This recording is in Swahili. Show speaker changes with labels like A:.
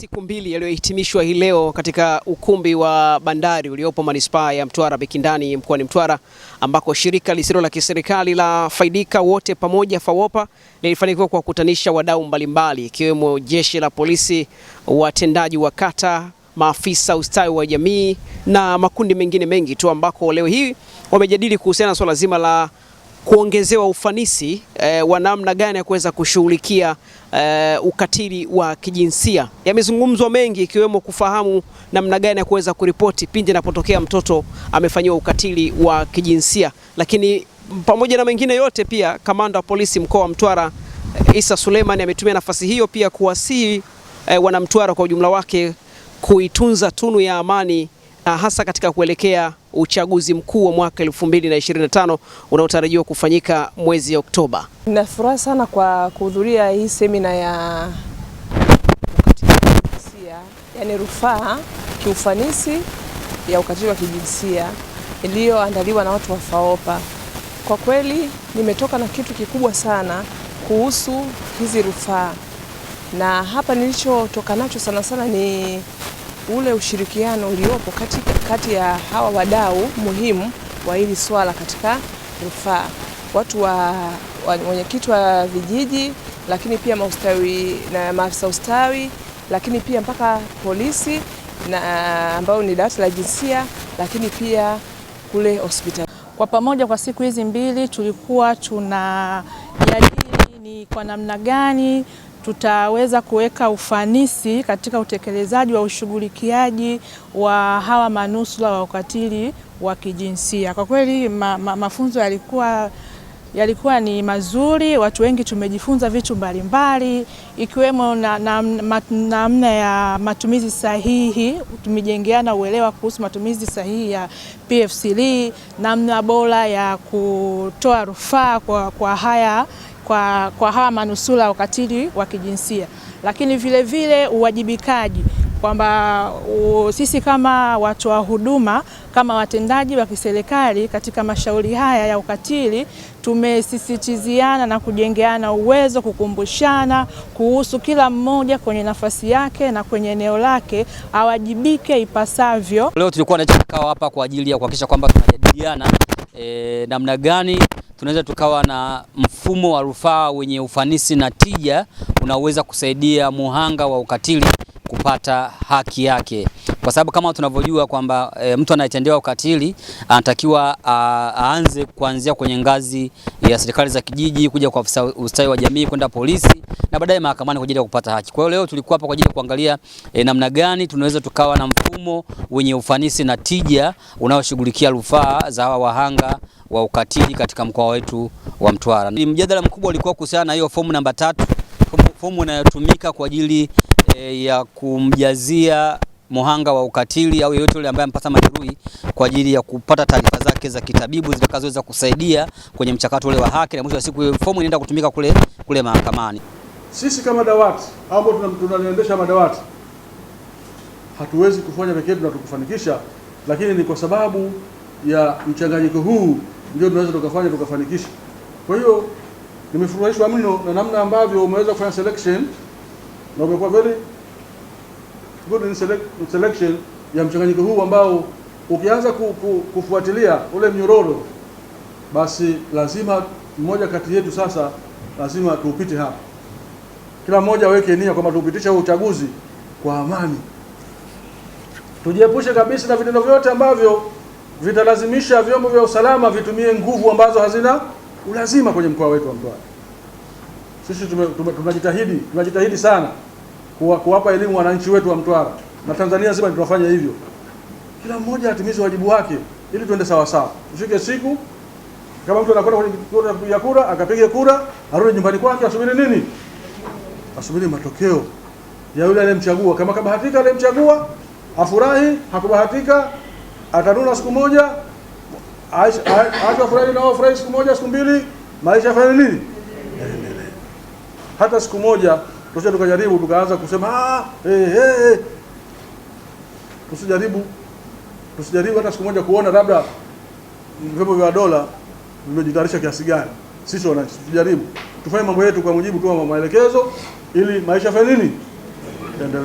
A: Siku mbili yaliyohitimishwa hii leo katika ukumbi wa bandari uliopo manispaa ya Mtwara Bekindani mkoani Mtwara, ambako shirika lisilo la kiserikali la Faidika Wote Pamoja FAWOPA lilifanikiwa kuwakutanisha wadau mbalimbali ikiwemo jeshi la polisi, watendaji wa kata maafisa ustawi wa jamii na makundi mengine mengi tu, ambako leo hii wamejadili kuhusiana na swala zima la kuongezewa ufanisi e, wa namna gani ya kuweza kushughulikia e, ukatili wa kijinsia. Yamezungumzwa mengi ikiwemo kufahamu namna gani ya kuweza kuripoti pindi inapotokea mtoto amefanyiwa ukatili wa kijinsia. Lakini pamoja na mengine yote, pia kamanda wa polisi mkoa wa Mtwara eh, Isa Suleiman ametumia nafasi hiyo pia kuwasihi e, wanamtwara kwa ujumla wake kuitunza tunu ya amani hasa katika kuelekea uchaguzi mkuu wa mwaka 2025 unaotarajiwa kufanyika mwezi Oktoba.
B: Ninafurahi sana kwa kuhudhuria hii semina ya kijinsia, yani rufaa kiufanisi ya ukatili wa kijinsia iliyoandaliwa na watu wa FAOPA. Kwa kweli nimetoka na kitu kikubwa sana kuhusu hizi rufaa, na hapa nilichotoka nacho sana sana ni ule ushirikiano uliopo kati, kati ya hawa wadau muhimu wa hili swala katika rufaa, watu wa mwenyekiti wa vijiji, lakini pia maustawi na maafisa ustawi, lakini pia mpaka polisi na ambayo ni dawati la jinsia, lakini pia kule hospitali.
C: Kwa pamoja kwa siku hizi mbili tulikuwa tunajadili ni kwa namna gani tutaweza kuweka ufanisi katika utekelezaji wa ushughulikiaji wa hawa manusura wa ukatili wa kijinsia. Kwa kweli ma, ma, mafunzo yalikuwa yalikuwa ni mazuri. Watu wengi tumejifunza vitu mbalimbali ikiwemo namna na, na, na ya matumizi sahihi. Tumejengeana uelewa kuhusu matumizi sahihi ya pfcl namna bora ya kutoa rufaa kwa, kwa haya kwa, kwa hawa manusura ya ukatili wa kijinsia, lakini vile vile uwajibikaji kwamba sisi kama watoa huduma kama watendaji wa kiserikali katika mashauri haya ya ukatili tumesisitiziana na kujengeana uwezo, kukumbushana kuhusu kila mmoja kwenye nafasi yake na kwenye eneo lake awajibike ipasavyo.
A: Leo tulikuwa na kikao hapa kwa ajili ya kuhakikisha kwamba tunajadiliana e, namna gani tunaweza tukawa na mfumo wa rufaa wenye ufanisi na tija unaoweza kusaidia muhanga wa ukatili kupata haki yake, kwa sababu kama tunavyojua kwamba e, mtu anayetendewa ukatili anatakiwa aanze kuanzia kwenye ngazi ya serikali za kijiji kuja kwa afisa ustawi wa jamii kwenda polisi na baadaye mahakamani kwa ajili ya kupata haki. Kwa hiyo leo tulikuwa hapa kwa ajili ya kuangalia e, namna gani tunaweza tukawa na mfumo wenye ufanisi na tija unaoshughulikia rufaa za hawa wahanga wa ukatili katika mkoa wetu wa Mtwara. Mjadala mkubwa ulikuwa kuhusiana na hiyo fomu namba tatu, fomu inayotumika kwa ajili e, ya kumjazia muhanga wa ukatili au yeyote yule ambaye amepata majeruhi kwa ajili ya kupata taarifa zake za kitabibu zitakazoweza kusaidia kwenye mchakato ule wa haki, na mwisho wa siku fomu inaenda kutumika kule kule mahakamani.
D: Sisi kama dawati ambao tunaliendesha madawati hatuwezi kufanya peke yetu na tukufanikisha, lakini ni kwa sababu ya mchanganyiko huu ndio tunaweza tukafanya tukafanikisha. Kwa hiyo nimefurahishwa mno na namna ambavyo umeweza kufanya selection na umekuwa very good in select, selection ya mchanganyiko huu ambao ukianza ku, ku, kufuatilia ule mnyororo basi lazima mmoja kati yetu sasa lazima tuupite hapa. Kila mmoja aweke nia kwamba tuupitisha huu uchaguzi kwa amani. Tujiepushe kabisa na vitendo vyote ambavyo vitalazimisha vyombo vya usalama vitumie nguvu ambazo hazina ulazima kwenye mkoa wetu wa Mtwara. Sisi tunajitahidi tunajitahidi sana kuwa, kuwapa elimu wananchi wetu wa Mtwara na Tanzania nzima tunafanya hivyo, kila mmoja atimize wajibu wake ili tuende sawa sawa. Ifike siku kama mtu anakwenda kwenye kituo cha kupiga kura akapiga kura, arudi nyumbani kwake, asubiri nini? Asubiri matokeo ya yule aliyemchagua. Kama kabahatika aliyemchagua Afurahi hakubahatika, atanuna siku moja, acha na furahi siku moja, siku mbili, maisha yafanye nini? Hata siku moja tucha tukajaribu tukaanza kusema ah, hey, hey. Tusijaribu, tusijaribu hata siku moja kuona labda vyombo vya dola vimejitarisha kiasi gani. Sisi wananchi tujaribu tufanye mambo yetu kwa mujibu tu maelekezo, ili maisha yafanye nini